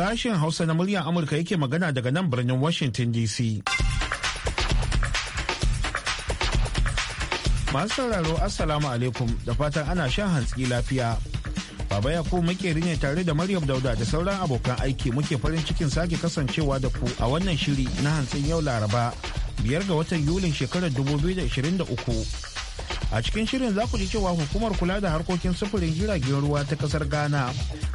Sashen Hausa na muryar Amurka yake magana daga nan birnin Washington DC. Masu sauraro Assalamu alaikum da fatan ana shan hantsi lafiya. Baba ya makeri ne tare da Maryam Dauda da sauran abokan aiki muke farin cikin sake kasancewa da ku a wannan shiri na hantsin yau Laraba biyar ga watan Yulin shekarar 2023. a cikin shirin za ku ji cewa hukumar kula da harkokin sufurin jiragen ruwa ta kasar ghana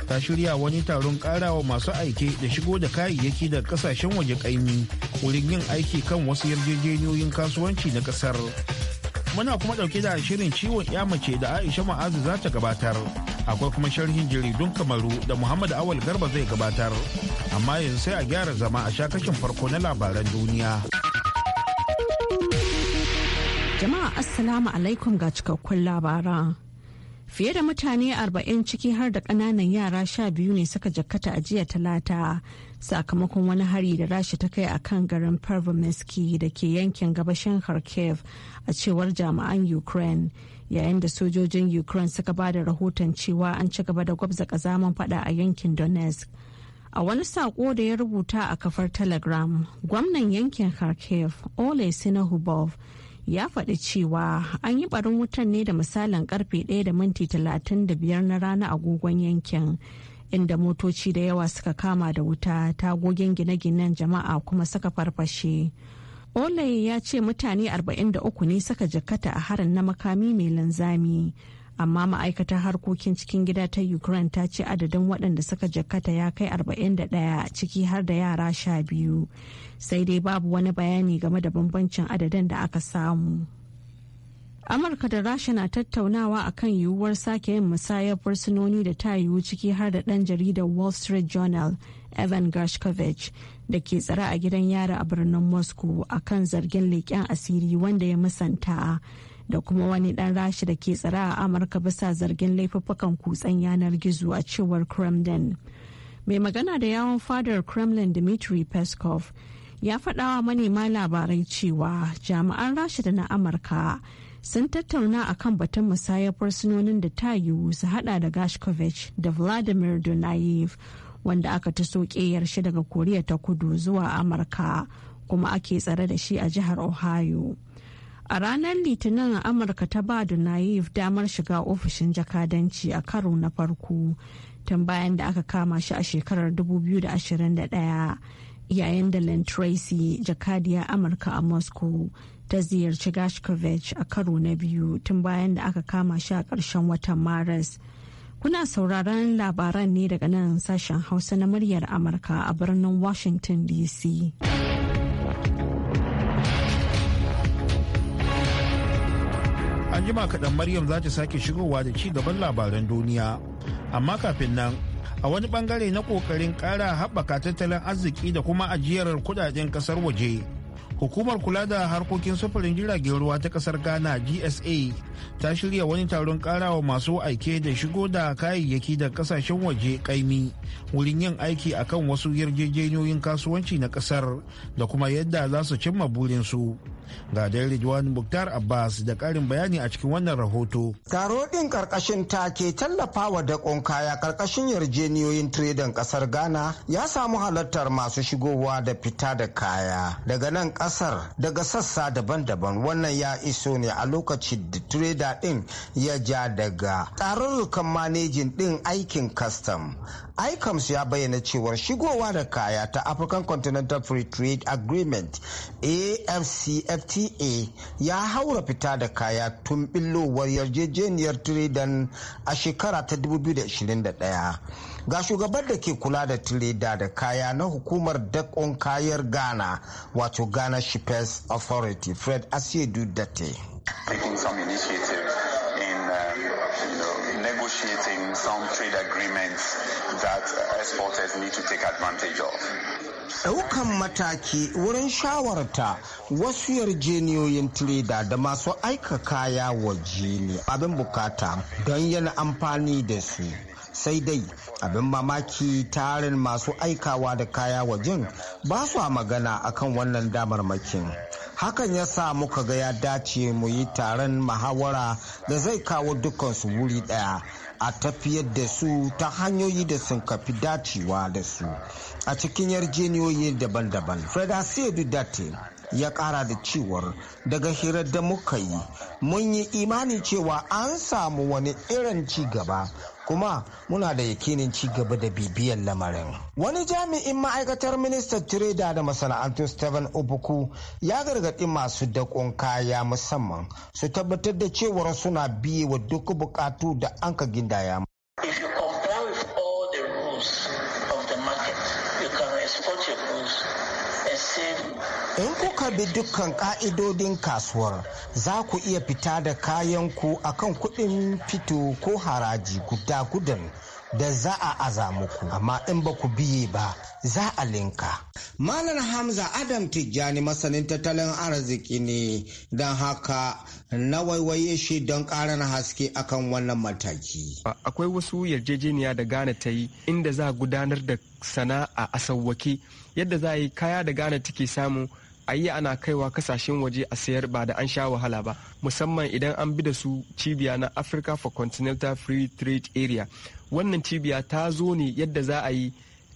ta shirya wani taron karawa masu aiki da shigo da kayayyaki daga kasashen waje kaimi wurin yin aiki kan wasu yarjejeniyoyin kasuwanci na kasar muna kuma dauke da shirin ciwon ya mace da aisha ma'azu za ta gabatar akwai kuma sharhin jaridun kamaru da muhammad awal garba zai gabatar amma yanzu sai a gyara zama a shakashin farko na labaran duniya. Jama'a Assalamu alaikum ga cikakkun labara. Fiye da mutane arba'in ciki har da ƙananan yara sha biyu ne suka jakkata a jiya talata sakamakon wani hari da rashi ta kai a kan garin Pervomeski da ke yankin gabashin Kharkiv a cewar jami'an Ukraine yayin da sojojin Ukraine suka ba da rahoton cewa an ci gaba da gwabza kazaman fada a yankin Donetsk. a wani sako da ya rubuta a kafar telegram gwamnan yankin kharkiv ole sinahubov ya faɗi cewa an yi barin wutan ne da misalin karfe 1 da minti 35 na rana agogon yankin inda motoci da yawa suka kama da wuta tagogin gine-ginen jama'a kuma suka farfashe ole ya ce mutane 43 ne suka jikkata a harin na makami mai linzami amma ma'aikatar harkokin cikin gida ta ukraine ta ce adadin waɗanda suka jakata ya kai 41 ciki har da yara sha biyu sai dai babu wani bayani game da bambancin adadin da aka samu amurka da rasha na tattaunawa akan yiwuwar sake yin musayar fursunoni da ta yiwu ciki har da ɗan jaridar wall street journal evan gershkovich da ke tsare a gidan yara a birnin moscow akan zargin leƙen asiri wanda ya musanta da kuma wani dan rashi da ke tsara a amurka bisa zargin laifuffukan kutsen yanar gizo a cewar kremlin mai magana da yawon fadar kremlin dmitry peskov ya faɗawa manema labarai cewa jami'an rashi da na amurka sun tattauna a kan batun musayar fursunonin da ta yiwu su hada da gashkovich da vladimir donayev wanda aka ta soke shi daga koriya ta kudu zuwa amurka kuma ake tsare da shi a jihar ohio A ranar Litinin Amurka ta ba da Naif damar shiga ofishin jakadanci a karo na farko tun bayan da aka kama shi a shekarar 2021 yayin da Len Tracy jakadiyar Amurka a Moscow ta ziyarci Gashkovich a karo na biyu tun bayan da aka kama shi a ƙarshen watan Maris. Kuna sauraron labaran ne daga nan sashen Hausa na muryar Amurka a birnin Washington DC. jima kaɗan maryam za ta sake shigowa da ci gaban labaran duniya amma kafin nan a wani bangare na ƙoƙarin ƙara haɓaka tattalin arziki da kuma ajiyar kudaden ƙasar waje hukumar kula da harkokin sufurin jiragen ruwa ta kasar ghana gsa ta shirya wani taron karawa masu aike da shigo da kayayyaki da kasashen waje kaimi wurin yin aiki akan wasu yarjejeniyoyin kasuwanci na kasar da kuma yadda za su cimma burinsu ga dai buktar muktar abbas da karin bayani a cikin wannan rahoto taro din karkashin ke tallafawa da kaya karkashin yarjeniyoyin tiredan kasar ghana ya samu halartar masu shigowa da fita da kaya daga nan kasar daga sassa daban-daban wannan ya iso ne a lokacin da trader din ya ja daga tarurrukan manejin din aikin custom icoms ya bayyana cewar shigowa da kaya ta african continental free trade agreement afcfta ya haura fita da kaya tun billowar yarjejeniyar trader a shekara ta 2021 ga shugabar da ke kula da tireda da kaya na hukumar dakon kayar ghana wato ghana shippers authority fred asiedu date um, negotiating some trade agreements that exporters need to take advantage of. mataki wurin shawarta wasu yarjeniyoyin tireda da masu aika kaya waje ne abin bukata don yana amfani da su. sai dai abin mamaki tarin masu aikawa da kaya wajen ba su magana akan wannan damarmakin hakan ya sa muka ga ya dace mu yi taron mahawara da zai kawo dukansu wuri daya a tafiyar da su ta hanyoyi da sun kafi dacewa da su a cikin yarjeniyoyi daban-daban ya kara da cewar daga hira da muka yi mun yi imani cewa an samu wani irin ci gaba kuma muna da yakinin ci gaba da bibiyar lamarin. Wani jami'in ma'aikatar ministan tireda da Masana'antu, Stephen Obuku ya gargaɗi masu dakon kaya musamman su tabbatar da cewar suna biye wa duk bukatu da an ka gindaya. Save in kuka bi dukkan ka'idodin kasuwar za ku iya fita da kayanku a kan kuɗin fito ko haraji guda gudan da za a aza amma in ba ku biye ba za a linka. Malam Hamza Adam Tijjani masanin tattalin arziki ne don haka na waiwaye shi don karar haske akan wannan mataki. Akwai wasu yarjejeniya da Ghana ta yi inda za a gudanar da sana'a a sauwake yadda za a yi kaya da Ghana take samu ayi ana kaiwa kasashen waje a sayar ba da an sha wahala ba musamman idan an bi da su cibiya na Africa for Continental Free Trade Area wannan cibiya ta zo ne yadda za a yi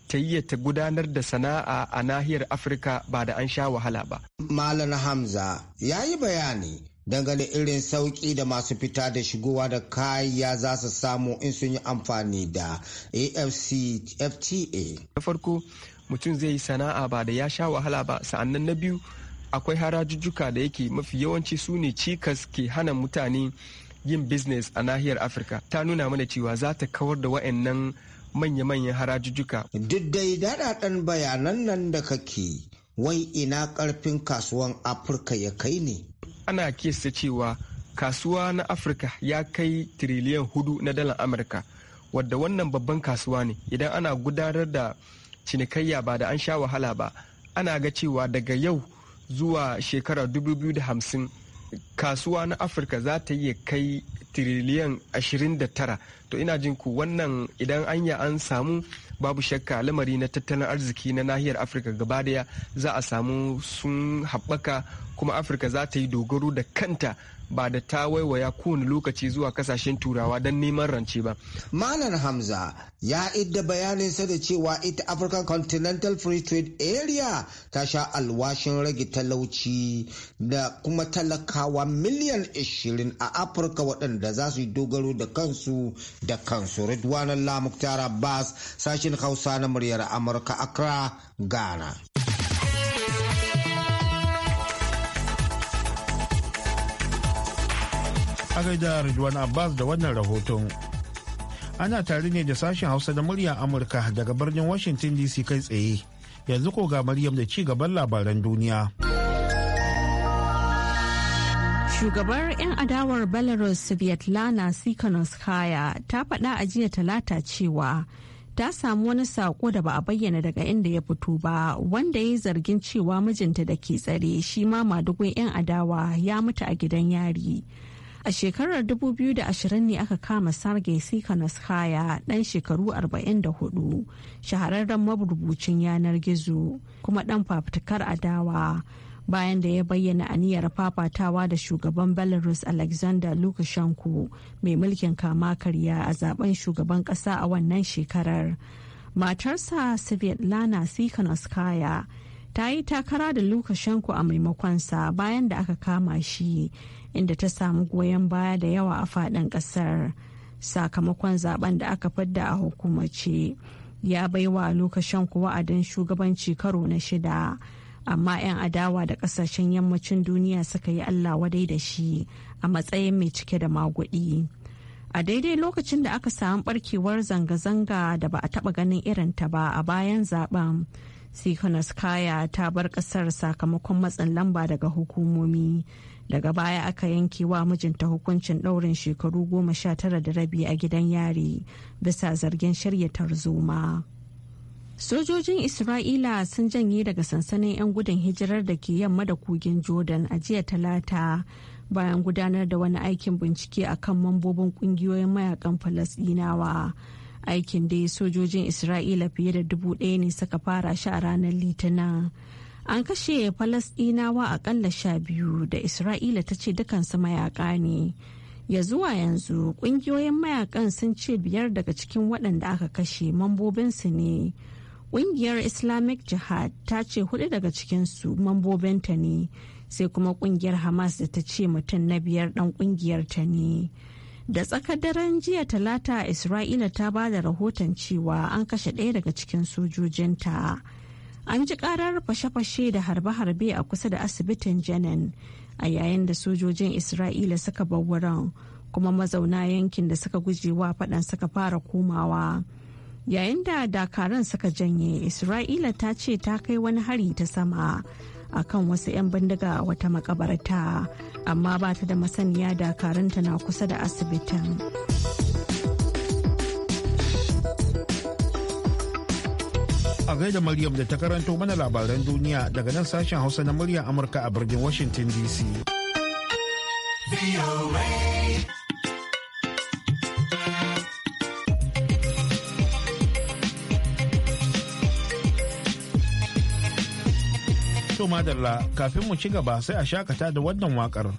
ta yi ta gudanar da sana'a a nahiyar Afirka ba da an sha wahala ba. Malam Hamza ya yi bayani dangane irin sauƙi da masu fita da shigowa da kayya za su samu in sun yi amfani da AFCFTA. na farko mutum zai yi sana'a ba da ya sha wahala ba sa'annan na biyu akwai harajujjuka da yake mafi yawanci su ne cikas ke hana mutane yin business a nahiyar afirka ta nuna mana cewa za ta kawar da wa'annan manya-manyan harajujjuka duk dai daɗaɗan bayanan nan da kake wai ina ƙarfin kasuwan afirka ya kai ne ana kesa cewa kasuwa na afirka ya kai tiriliyan hudu na dalar amurka wadda wannan babban kasuwa ne idan ana gudanar da cinikayya ba da an sha wahala ba ana ga cewa daga yau zuwa shekara 2050 kasuwa na afirka za ta iya kai tiriliyan 29 to ina jin ku wannan idan anya an samu babu shakka lamari na tattalin arziki na nahiyar afirka gaba daya za a samu sun haɓaka kuma afirka za ta yi dogaro da kanta ba da ta waiwaya kowane lokaci zuwa kasashen turawa don neman rance ba. Malam Hamza ya idda sa da cewa ita African Continental Free Trade Area ta sha alwashin rage talauci da kuma talakawa miliyan 20 a Afirka waɗanda za su yi dogaro da kansu da kansu. Ridwanan Lamuktar Bas sashen Hausa na muryar Amurka Accra, Ghana. A gaida Ridwan Abbas da wannan rahoton. Ana tare ne da sashen Hausa da murya Amurka daga birnin Washington DC kai tsaye. Yanzu ko ga Maryam da ci gaban labaran duniya. Shugabar 'yan adawar Belarus Svetlana Sikhanouskaya ta faɗa a jiya talata cewa ta samu wani saƙo da ba a bayyana daga inda ya fito ba wanda ya yi zargin cewa mijinta da ke tsare shi ma madugun 'yan adawa ya mutu a gidan yari. A shekarar 2020 ne aka kama Sergei Sikhanouskaya ɗan shekaru 44 shahararren marubucin yanar gizo kuma ɗan fafutukar adawa bayan da ya bayyana aniyar fafatawa da shugaban Belarus Alexander Lukashenko mai mulkin kama karya a zaben shugaban ƙasa a wannan shekarar. Matarsa Svetlana Sikhanouskaya ta yi takara da Lukashenko a maimakonsa bayan da aka kama shi. inda ta samu goyon baya da yawa a faɗin ƙasar sakamakon zaben da aka fadda a hukumace ya baiwa lokacin wa'adin shugabanci karo na shida amma 'yan adawa da kasashen yammacin duniya suka yi allah wadai da shi a matsayin mai cike da magudi a daidai lokacin da aka samu barkewar zanga-zanga da ba a taba ganin irin ta ba a bayan zaben kaya ta bar kasar sakamakon matsin lamba daga hukumomi daga baya aka yanke wa mijinta hukuncin ɗaurin shekaru goma sha tara da rabi a gidan yari bisa zargin shirya tarzoma sojojin isra'ila sun janye daga sansanin 'yan gudun hijirar da ke yamma da kogin jordan a jiya talata bayan gudanar da wani aikin bincike a kan mambobin ƙungiyoyin mayakan falasdinawa aikin dai sojojin isra'ila fiye da dubu ɗaya ne suka fara shi a ranar litinin an kashe Falasɗinawa a ƙalla sha biyu da isra'ila ta ce dukansu mayaka ne ya zuwa yanzu ƙungiyoyin mayakan sun ce biyar daga cikin waɗanda aka kashe mambobinsu ne ƙungiyar islamic jihad ta ce hudu daga cikinsu mambobinta ne sai kuma ƙungiyar hamas da ta ce mutum na biyar ɗan ta ne da tsakar daren jiya talata isra'ila ta ba da rahoton cewa an kashe ɗaya daga cikin sojojinta. an ji karar fashe-fashe da harbe-harbe a kusa da asibitin janan a yayin da sojojin isra'ila suka bar wurin kuma mazauna yankin da suka gujewa faɗan suka fara komawa yayin da dakaran suka janye isra'ila ta ce ta kai wani hari ta sama akan wasu 'yan bindiga a wata makabarta amma ba ta da masaniya dakaranta na kusa da asibitin. a gaida Maryam da ta karanto mana labaran duniya daga nan sashen Hausa na murya Amurka a birnin Washington DC. To madalla kafin mu ci gaba sai a shakata da wannan wakar.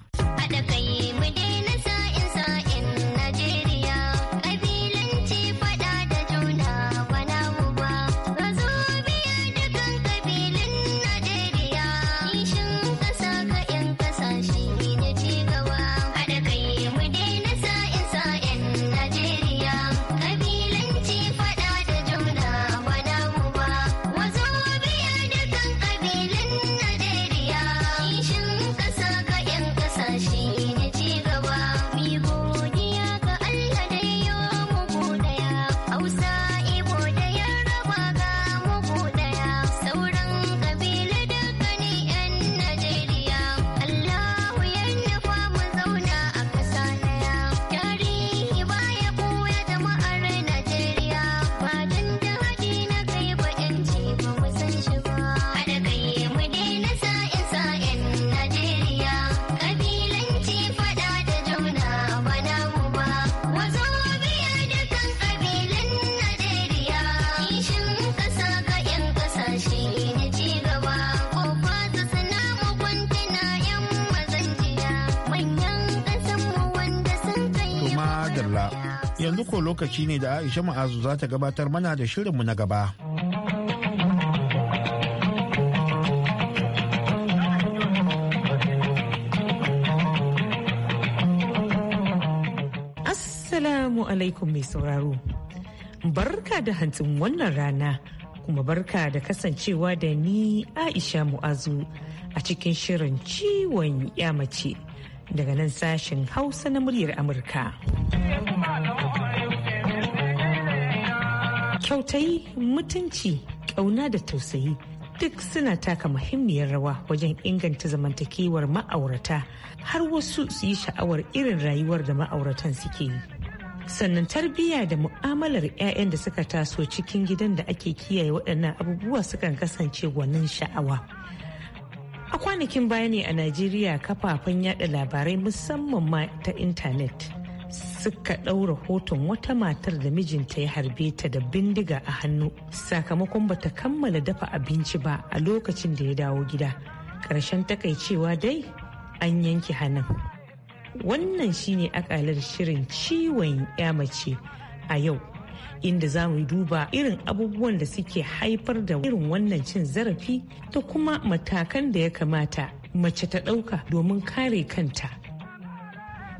yanzu ko lokaci ne da Aisha Ma'azu za ta gabatar mana da shirinmu na gaba. Assalamu alaikum mai sauraro. Barka da hantsin wannan rana kuma barka da kasancewa da ni Aisha Mu'azu a cikin shirin ciwon mace daga nan sashen Hausa na muryar Amurka. kyautai mutunci ƙauna da tausayi duk suna taka muhimmiyar rawa wajen inganta zamantakewar ma'aurata har wasu su yi sha'awar irin rayuwar da ma'auratan suke yi sannan tarbiyya da mu'amalar 'ya'yan da suka taso cikin gidan da ake kiyaye waɗannan abubuwa sukan kasance gwanin sha'awa a kwanakin baya ne a najeriya kafafen yada labarai musamman ma ta intanet suka ɗau rahoton wata matar da mijinta ya harbe ta da bindiga a hannu sakamakon bata kammala dafa abinci ba a lokacin da ya dawo gida ƙarshen takaicewa dai an yanke hannun wannan shine akalar shirin ciwon ya mace a yau inda za mu duba irin abubuwan da suke haifar da irin wannan cin zarafi ta kuma matakan da ya kamata mace ta ɗauka domin kare kanta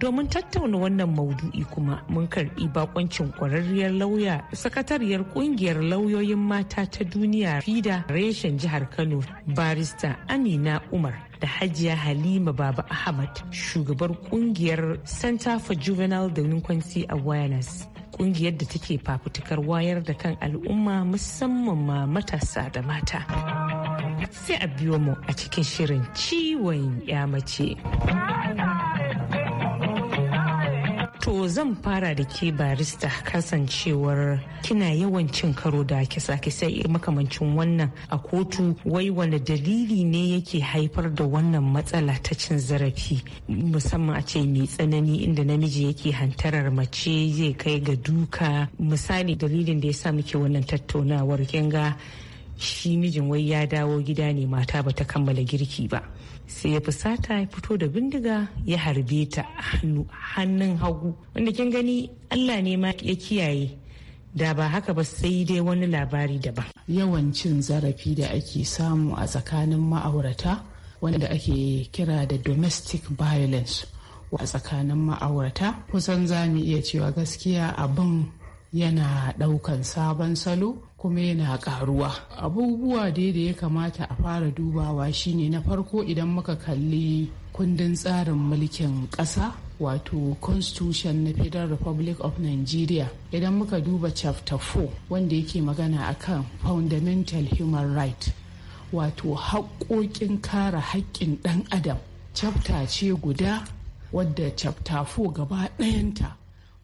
domin tattauna wannan maudu'i kuma mun karbi bakoncin kwararriyar lauya sakatariyar kungiyar lauyoyin mata ta duniya fida reshen jihar kano barista amina umar da hajiya halima baba ahmad shugabar kungiyar center for juvenile delinquency awareness kungiyar da take fafutukar wayar da kan al'umma musamman ma matasa da mata sai a biyo mu a cikin shirin ciwon ya mace. To zan fara da ke barista kasancewar kina yawan cin karo da kisa-kisai makamancin wannan a kotu wai wani dalili ne yake haifar da wannan matsala ta cin zarafi musamman a ce mai tsanani inda namiji yake hantarar mace zai kai ga duka misali dalilin da ya sa muke wannan tattaunawar kinga shi mijin wai ya dawo gida ne mata ba ta kammala girki ba sai ya fusata ya fito da bindiga ya harbe ta hannun hagu wanda kin gani allah ne ma ya kiyaye da ba haka ba sai dai wani labari daban yawan cin zarafi da ake samu a tsakanin ma'aurata wanda ake kira da domestic violence a tsakanin ma'aurata kusan za mu iya cewa gaskiya abin yana ɗaukan sabon salo kuma yana ƙaruwa abubuwa dai da ya kamata a fara dubawa shine na farko idan muka kalli kundin tsarin mulkin ƙasa wato constitution na federal republic of nigeria idan muka duba chapter 4 wanda yake magana akan fundamental human right wato haƙoƙin kare haƙƙin ɗan adam chapter ce guda wadda chapter 4 gaba ɗayanta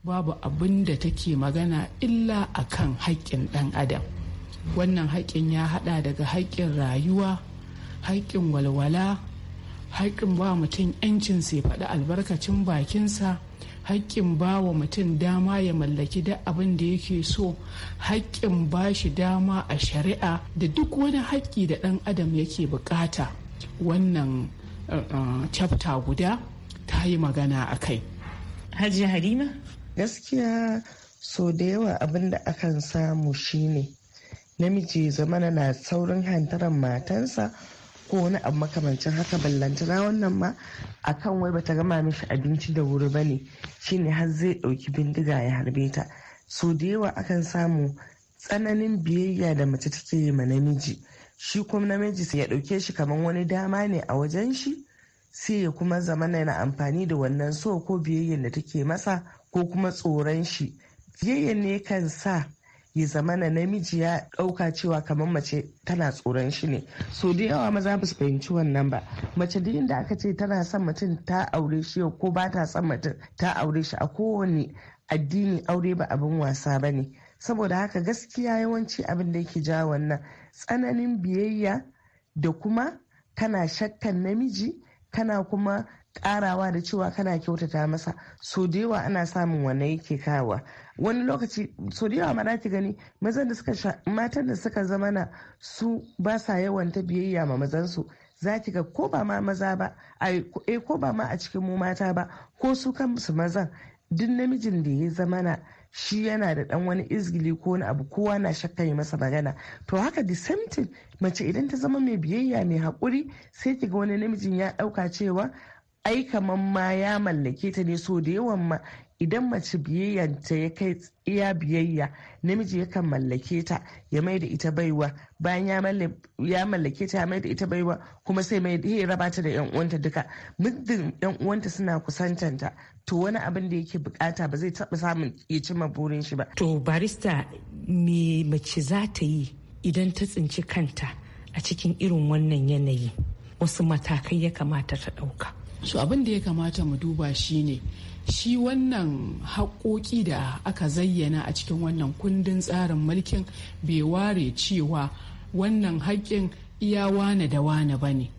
babu abin da take magana illa a kan haƙƙin ɗan adam wannan haƙƙin ya haɗa daga haƙƙin rayuwa haƙƙin walwala haƙƙin ba mutum 'yancin sai faɗi albarkacin bakinsa haƙƙin ba wa mutum dama ya mallaki duk abin da yake so haƙƙin ba shi dama a shari'a da duk wani haƙƙi da ɗan adam yake buƙata wannan uh, uh, chapter guda ta yi magana a kai halima gaskiya so da yawa abin da akan samu shine namiji zamana na saurin hantaran matansa ko wani abu makamancin haka ballantana wannan ma akan wai bata gama mishi abinci da wuri ba bane shine har zai ɗauki bindiga ya harbe ta so da yawa akan samu tsananin biyayya da mace take yi ma namiji shi kuma namiji sai ya ɗauke shi kamar wani dama ne a wajen shi sai ya kuma zamana yana amfani da wannan so ko biyayyar da take masa ko kuma tsoron shi fiyayya ne kan sa ya zama na namiji ya ɗauka cewa kamar mace tana tsoron shi ne so da yawa maza ba su fahimci wannan ba mace da inda aka ce tana son mutum ta aure shi ko ba ta son mutum ta aure shi a kowane addini aure ba abin wasa ba ne saboda haka gaskiya yawanci abin da yake jawo wannan tsananin biyayya da kuma kana shakkan namiji kana kuma karawa da cewa kana kyautata masa so da yawa ana samun wanne yake kawa wani lokaci so da yawa mana ki gani mazan da suka sha matan da suka zama na su ba sa yawan ta biyayya ma mazansu za ki ga ko ba ma maza ba a eh, ko ba ma a cikin mu mata ba ko su su mazan duk namijin da ya zama na shi yana da dan wani izgili ko wani abu kowa na shakka yi masa magana to haka the same thing mace idan ta zama mai biyayya mai haƙuri sai ki ga wani namijin ya ɗauka cewa ai kaman ma ya mallake ta ne so da yawan ma idan mace biyayyanta ya kai iya biyayya namiji yakan mallake ta ya mai da ita baiwa bayan ya mallake ta ya mai da ita baiwa kuma sai mai da raba ta da yan uwanta duka muddin yan uwanta suna kusantanta to wani abin da yake bukata ba zai taba samun ya cimma burin shi ba to barista me mace za ta yi idan ta tsinci kanta a cikin irin wannan yanayi wasu matakai ya kamata ta dauka so abin da ya kamata mu duba shine shi wannan haƙoƙi da aka zayyana a cikin wannan kundin tsarin mulkin bai ware cewa wannan haƙƙin iya wane da wane ba ne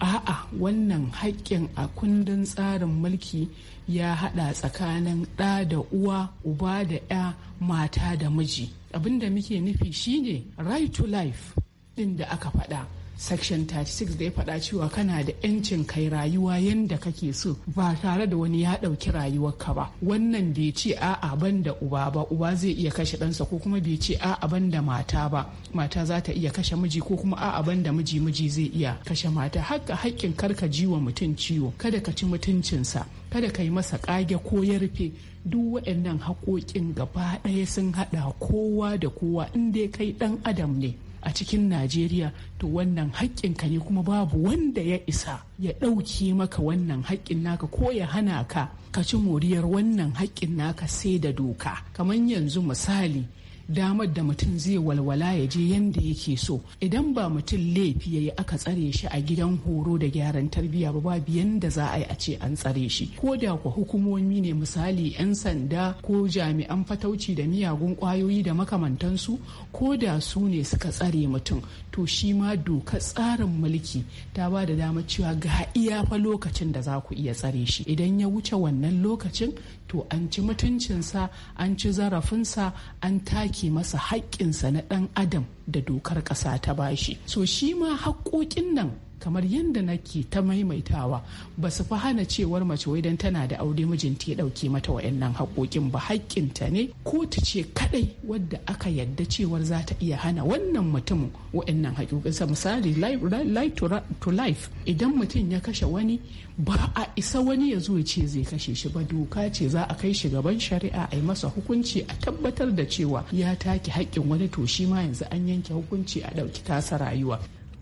a'a wannan haƙƙin a kundin tsarin mulki ya haɗa tsakanin ɗa da uwa uba da 'ya mata da miji abinda muke nufi shine right to life ɗin da aka faɗa section 36 da ya faɗa cewa kana da 'yancin kai rayuwa yanda kake so ba tare da wani ya ɗauki ka ba wannan bai ce a'a ban da uba ba uba zai iya kashe ɗansa ko kuma bai ce a'a ban da mata ba mata za ta iya kashe miji ko kuma a'a ban da miji miji zai iya kashe mata haka haƙƙin karka ji wa mutum ciwo kada ka ci mutuncinsa kada ka yi masa ƙage ko ya rufe duk waɗannan haƙoƙin gaba ɗaya sun haɗa kowa da kowa in dai kai ɗan adam ne a cikin najeriya to wannan haƙƙin ka ne kuma babu wanda ya isa ya ɗauke maka wannan haƙƙin naka ko ya hana ka ka ci moriyar wannan haƙƙin naka sai da doka kamar yanzu misali damar da mutum zai walwala ya je yanda yake so idan ba mutum laifi ya yi aka tsare shi a gidan horo da gyaran tarbiyya ba babu yanda za a yi a ce an tsare shi ko da ku hukumomi ne misali 'yan sanda ko jami'an fatauci da miyagun kwayoyi da makamantansu ko da su ne suka tsare mutum to shi ma doka tsarin mulki ta ba da damar cewa ga iya fa lokacin da za ku iya tsare shi idan ya wuce wannan lokacin to an ci mutuncinsa an ci zarafinsa an take yanke masa haƙƙinsa na ɗan adam da dokar ƙasa ta bashi so shi ma haƙƙoƙin nan kamar yadda nake ta maimaitawa ba su fi hana cewar mace wai dan tana da aure mijinta ya dauke mata wayannan haƙoƙin ba haƙƙinta ne ko ta ce kadai wadda aka yadda cewar za ta iya hana wannan mutumin wayannan sa misali life to life idan mutum ya kashe wani ba a isa wani ya zo ce zai kashe shi ba doka ce za a kai shi gaban shari'a a yi masa hukunci a tabbatar da cewa ya take haƙƙin wani to shi ma yanzu an yanke hukunci a ɗauki tasa rayuwa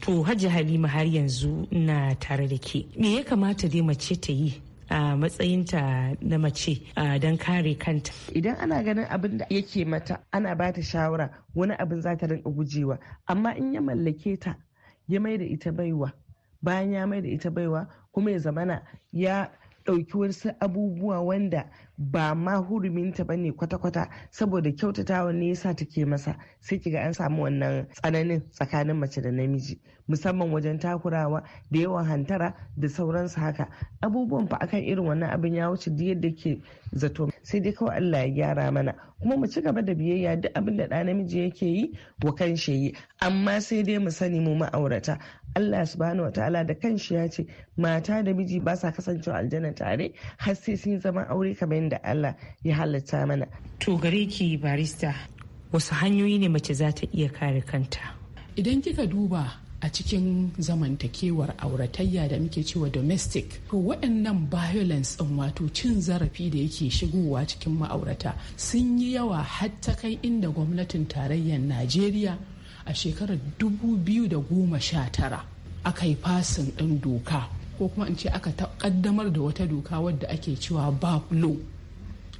To Hajji Halima har yanzu na tare da ke. Me ya kamata dai mace ta yi a matsayinta na mace don kare kanta. Idan ana ganin abin da yake mata ana ba ta shawara wani abin za ta rinka gujewa amma in ya mallake ta ya mai da ita baiwa bayan ya mai da ita baiwa kuma ya zamana ya ɗauki wasu abubuwa wanda ba ma huruminta ba ne kwata-kwata saboda kyautatawa ne yasa take masa sai kiga an samu wannan tsananin tsakanin mace da namiji musamman wajen takurawa da yawan hantara da sauransu haka abubuwan fa akan irin wannan abin ya wuce da yadda ke zato sai dai kawai Allah ya gyara mana kuma mu ci gaba da biyayya duk abin da ɗa namiji yake yi wa kanshi yi amma sai dai mu sani mu ma'aurata Allah subhanahu wataala da shi ya ce mata da miji ba sa kasancewa aljanna tare har sai sun zama aure kamar da Allah ya halitta mana. To gare ki barista wasu hanyoyi ne mace za ta iya kare kanta. Idan kika duba a cikin zamantakewar auratayya da muke cewa domestic to waɗannan violence ɗin wato cin zarafi da yake shigowa cikin ma'aurata sun yi yawa har ta kai inda gwamnatin tarayyar najeriya a shekarar 2019 aka yi fasin ɗin doka ko kuma in ce aka kaddamar da wata doka wadda ake cewa bab law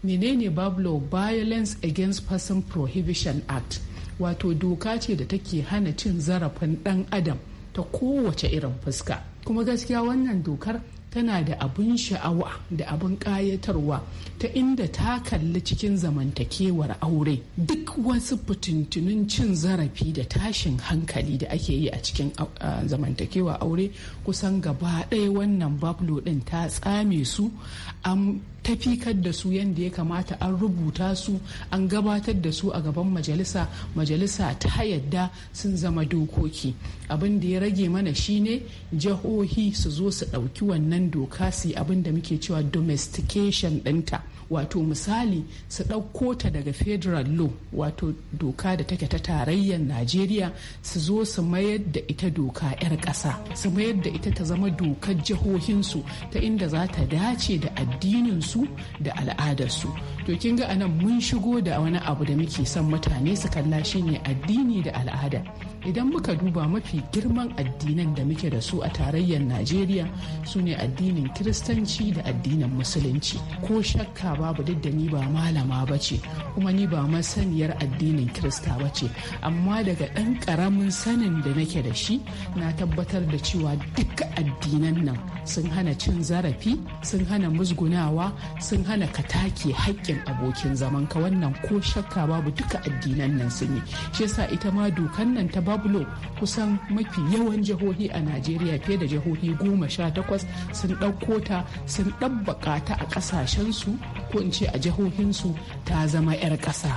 menene law violence against person prohibition act wato doka ce da take hana cin zarafin dan adam ta kowace irin fuska kuma gaskiya wannan dokar tana da abin sha'awa da abin ƙayatarwa ta inda ta kalli cikin zamantakewar aure duk wasu fitintunin cin zarafi da tashin hankali da ake yi a cikin zamantakewar aure kusan gaba ɗaya wannan bablo ɗin ta tsame su an tafikar da su yadda ya kamata an rubuta su an gabatar da su a gaban majalisa majalisa ta yadda sun zama dokoki abin da ya rage mana shine jihohi su zo su ɗauki wannan doka su abin da muke cewa domestication ɗinta wato misali su ɗauko ta daga federal law wato doka da take ta tarayyar najeriya su zo su mayar da ita doka 'yar ƙasa su mayar da ita ta zama dokar jihohinsu ta inda za ta dace da addininsu su da al'adarsu to kin ga anan mun shigo da wani abu da muke son mutane su kalla shine addini da al'ada idan muka duba mafi girman addinan da muke da su a tarayyar najeriya su ne addinin kiristanci da addinin musulunci ko shakka babu duk da ni ba malama ba ce kuma ni ba masaniyar addinin kirista ba amma daga ɗan ƙaramin sanin da nake da shi na tabbatar da cewa duka addinan nan sun hana cin zarafi sun hana musgunawa sun hana ka take haƙƙin abokin zaman ka wannan ko shakka babu duka addinan nan sun yi shi yasa ita ma dokan nan ta bablo kusan mafi yawan jihohi a najeriya fiye da jihohi goma sha takwas sun ɗauko ta sun ɗabbaƙa ta a ƙasashensu ko in ce a jihohinsu ta zama 'yar ƙasa.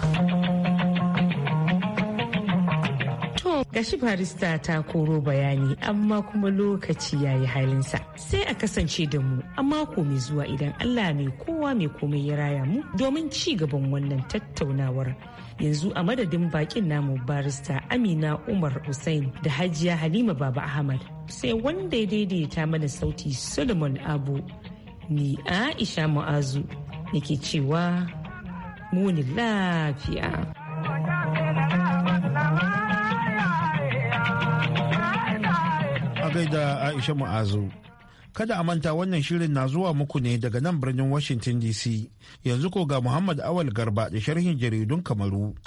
gashi barista ta koro bayani amma kuma lokaci ya yi halinsa sai a kasance da mu a mako mai zuwa idan allah mai kowa mai komai ya raya mu domin ci gaban wannan tattaunawar yanzu a madadin bakin namu barista amina umar hussein da hajiya halima baba ahmad sai wanda ya daidaita mana sauti solomon abu ni aisha mu'azu nake cewa muni lafiya gaida Aisha Mu'azu. Kada a manta wannan shirin na zuwa muku ne daga nan birnin Washington DC. Yanzu ko ga Muhammad Awal Garba da sharhin jaridun Kamaru.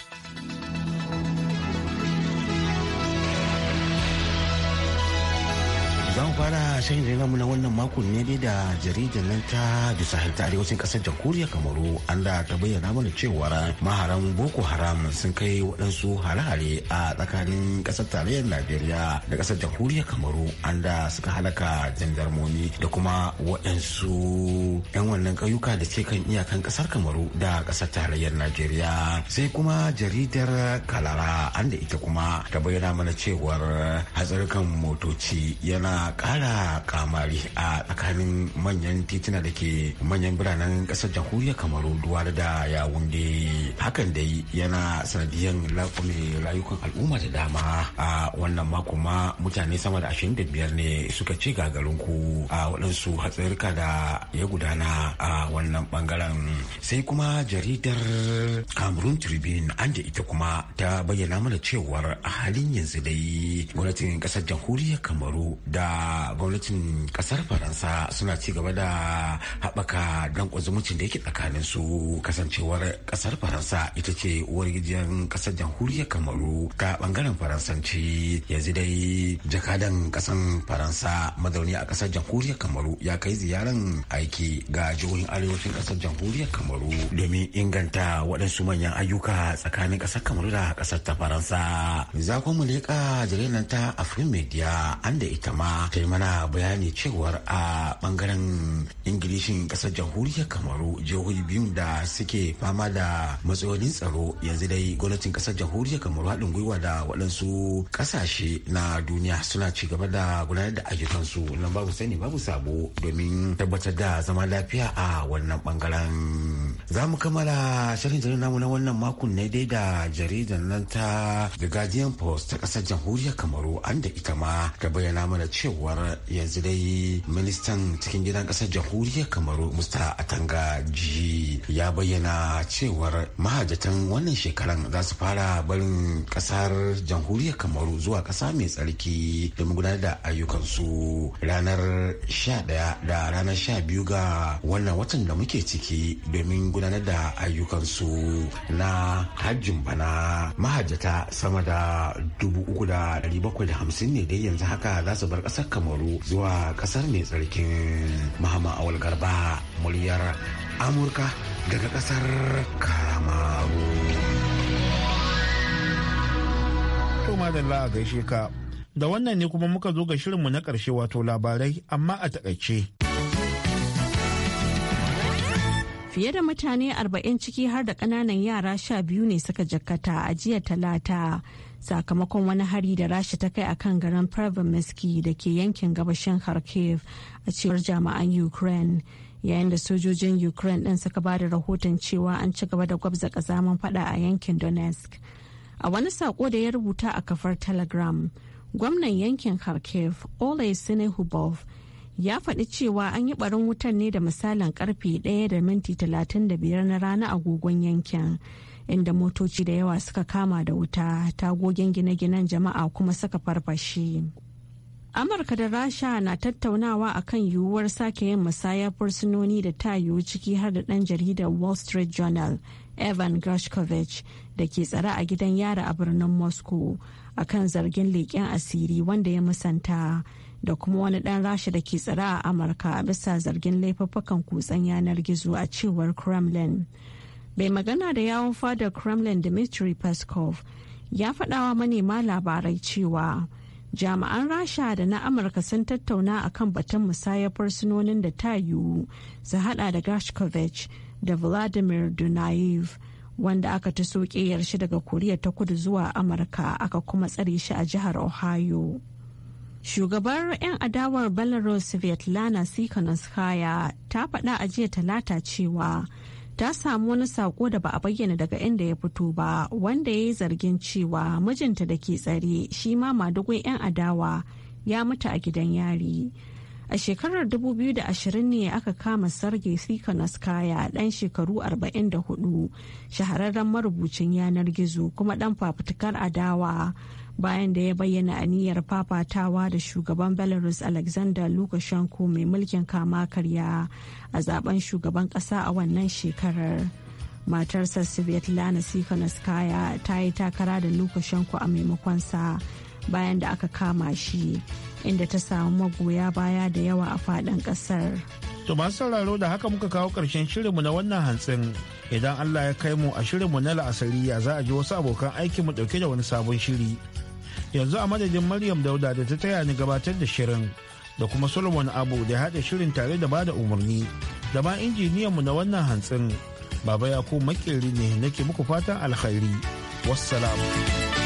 za mu fara shayin da wannan makon ne dai da jaridar nan ta bisa ta arewacin kasar jamhuriyar kamaru an da ta bayyana mana cewa maharan boko haram sun kai waɗansu hare-hare a tsakanin kasar tarayyar najeriya da kasar jamhuriyar kamaru an da suka halaka jandarmomi da kuma waɗansu 'yan wannan ƙauyuka da ke kan iyakan kasar kamaru da kasar tarayyar najeriya sai kuma jaridar kalara an da ita kuma ta bayyana mana cewar hatsarukan motoci yana kara ƙara kamari a tsakanin manyan tituna da ke manyan biranen ƙasar jamhuriyar kamaru duwar da ya wunde hakan da yana sanadiyan laƙume rayukan al'umma da dama a wannan mako ma mutane sama da ashirin da biyar ne suka ci ku a waɗansu hatsarika da ya gudana a wannan bangaren sai kuma jaridar cameroon tribune an da ita kuma ta bayyana mana cewar a halin yanzu dai gwamnatin ƙasar jamhuriyar kamaru da gwamnatin kasar faransa suna ci gaba da haɓaka don zumuncin da yake tsakanin su kasancewar kasar faransa ita ce uwar gijiyar kasar jamhuriyar kamaru ta bangaren faransanci yanzu dai jakadan kasan faransa mazauni a kasar jamhuriyar kamaru ya kai ziyaran aiki ga jihohin arewacin kasar jamhuriyar kamaru domin inganta waɗansu manyan ayyuka tsakanin kasar kamaru da kasar ta faransa za mu leƙa jaridar ta afrin media an da ita ma ta yi mana bayani cewar a bangaren ingilishin kasar jamhuriyar kamaru jihohi biyun da suke fama da matsalolin tsaro yanzu dai gwamnatin kasar jamhuriyar kamaru haɗin gwiwa da waɗansu ƙasashe na duniya suna ci gaba da gudanar da ayyukansu nan babu sani babu sabo domin tabbatar da zama lafiya a wannan bangaren. za mu kammala shirin jaridar namu na wannan makon ne dai da jaridar nan ta the guardian post ta kasar jamhuriyar kamaru an da ita ma Ka bayyana mana cewar yanzu dai ministan cikin gidan kasar jamhuriyar kamaru musta atanga ji ya bayyana cewar mahajatan wannan shekaran za su fara barin kasar jamhuriyar kamaru zuwa kasa mai tsarki domin gudanar da ayyukansu ranar 11 da ranar 12 ga wannan watan da muke ciki domin gudanar da ayyukansu na hajjin bana mahajjata sama da dubu uku da da ne dai yanzu haka za su bar ƙasar kamaru zuwa ƙasar mai tsarkin mahama awal garba muryar amurka daga ƙasar kamaru madalla a gaishe ka da wannan ne kuma muka zo ga shirinmu na ƙarshe wato labarai amma a takaice. Fiye da mutane 40 ciki har da ƙananan yara sha biyu ne suka jakkata a jiya talata sakamakon wani hari da rasha ta kai akan garin Pervomiski da ke yankin gabashin Kharkiv a cewar jami'an Ukraine. Yayin da sojojin Ukraine ɗin suka ba da rahoton cewa an ci gaba da gwabza ƙazaman faɗa a yankin Donetsk. A wani sako da ya rubuta a kafar Telegram, gwamnan yankin Kharkiv, Oleh Sinehubov, ya faɗi cewa an yi ɓarin wutan ne da misalin karfe 1 da minti 35 na rana agogon yankin inda motoci da yawa suka kama da wuta tagogin gine-ginen jama'a kuma suka farfashe. amurka da rasha na tattaunawa akan yiwuwar sake yin musayar fursunoni da ta yiwu ciki har da ɗan jaridar wall street journal evan grashkovich da ke tsare a gidan yara a birnin moscow akan zargin leƙen asiri wanda ya musanta da kuma wani ɗan rasha da ke tsara a amurka a bisa zargin laifuffukan kutsen yanar gizo a cewar kremlin bai magana da yawon fadar kremlin dmitry peskov ya faɗawa manema labarai cewa jami'an rasha da na amurka sun tattauna a kan batun musayar fursunonin da ta yiwu su hada da gashkovich da vladimir dunayev wanda aka ta soke shi daga koriya ta kudu zuwa amurka aka kuma tsare shi a jihar ohio Shugabar 'yan adawar Belarus Svetlana Sikhanouskaya ta faɗa a jiya talata cewa ta samu wani saƙo da ba a bayyana daga inda ya fito ba wanda ya yi zargin cewa mijinta da ke tsare shi ma madugun 'yan adawa ya mutu a gidan yari. a shekarar 2020 ne aka kama sarge kaya dan shekaru 44 shahararren marubucin yanar gizo kuma dan fafutukar adawa bayan da ya bayyana aniyar fafatawa da shugaban belarus alexander lukashenko mai mulkin kama karya a zaben shugaban kasa a wannan shekarar matarsa svetlana sikanaskaya ta yi takara da lukashenko a maimakonsa bayan da aka kama shi inda ta samu magoya baya da yawa a faɗin ƙasar. To masu sauraro da haka muka kawo ƙarshen shirinmu na wannan hantsin idan Allah ya kai mu a shirinmu na la'asariya za a ji wasu abokan mu ɗauke da wani sabon shiri. yanzu a madadin maryam dauda da ta taya ni gabatar da shirin da kuma solomon abu da haɗa shirin tare da bada umarni da ma injiniyanmu na wannan hantsin baba yakubu makeri ne nake muku fatan alkhairi wassalamu